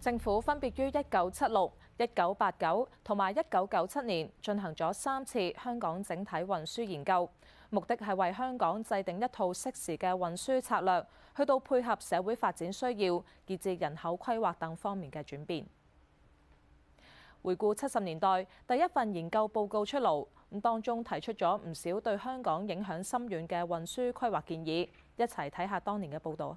政府分別於一九七六、一九八九同埋一九九七年進行咗三次香港整體運輸研究，目的係為香港制定一套適時嘅運輸策略，去到配合社會發展需要、以至人口規劃等方面嘅轉變。回顧七十年代，第一份研究報告出爐，咁當中提出咗唔少對香港影響深遠嘅運輸規劃建議。一齊睇下當年嘅報導。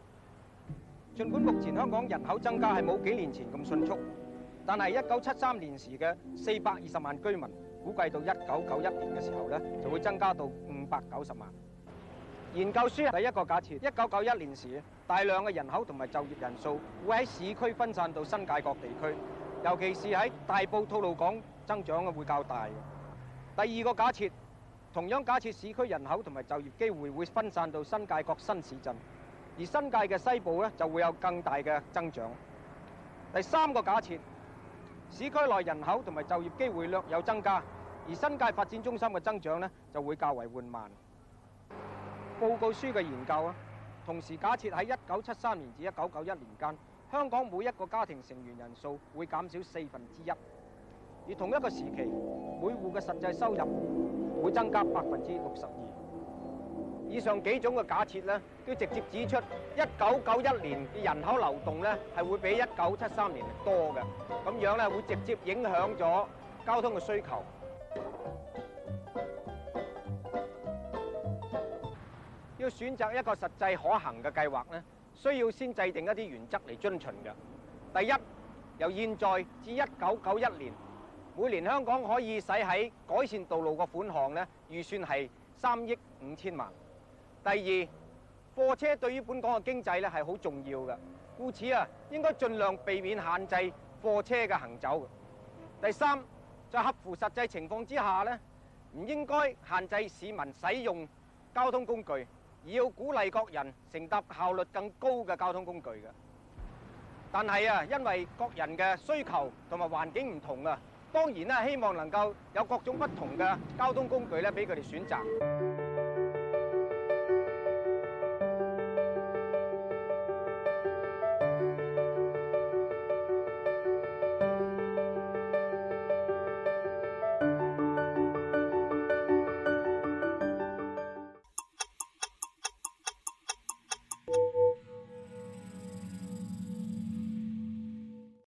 儘管目前香港人口增加係冇幾年前咁迅速，但係一九七三年時嘅四百二十萬居民，估計到一九九一年嘅時候呢，就會增加到五百九十萬。研究書第一個假設，一九九一年時大量嘅人口同埋就業人數會喺市區分散到新界各地區，尤其是喺大埔吐露港增長嘅會較大。第二個假設同樣假設市區人口同埋就業機會會分散到新界各新市鎮。而新界嘅西部呢就會有更大嘅增長。第三個假設，市區內人口同埋就業機會略有增加，而新界發展中心嘅增長呢就會較為緩慢。報告書嘅研究啊，同時假設喺一九七三年至一九九一年間，香港每一個家庭成員人數會減少四分之一，而同一個時期每戶嘅實際收入會增加百分之六十二。以上幾種嘅假設咧，都直接指出一九九一年嘅人口流動咧係會比一九七三年多嘅，咁樣咧會直接影響咗交通嘅需求。要選擇一個實際可行嘅計劃咧，需要先制定一啲原則嚟遵循嘅。第一，由現在至一九九一年，每年香港可以使喺改善道路嘅款項咧，預算係三億五千萬。第二，貨車對於本港嘅經濟咧係好重要嘅，故此啊，應該盡量避免限制貨車嘅行走。第三，在合乎實際情況之下咧，唔應該限制市民使用交通工具，而要鼓勵各人乘搭效率更高嘅交通工具嘅。但係啊，因為各人嘅需求同埋環境唔同啊，當然啦，希望能夠有各種不同嘅交通工具咧俾佢哋選擇。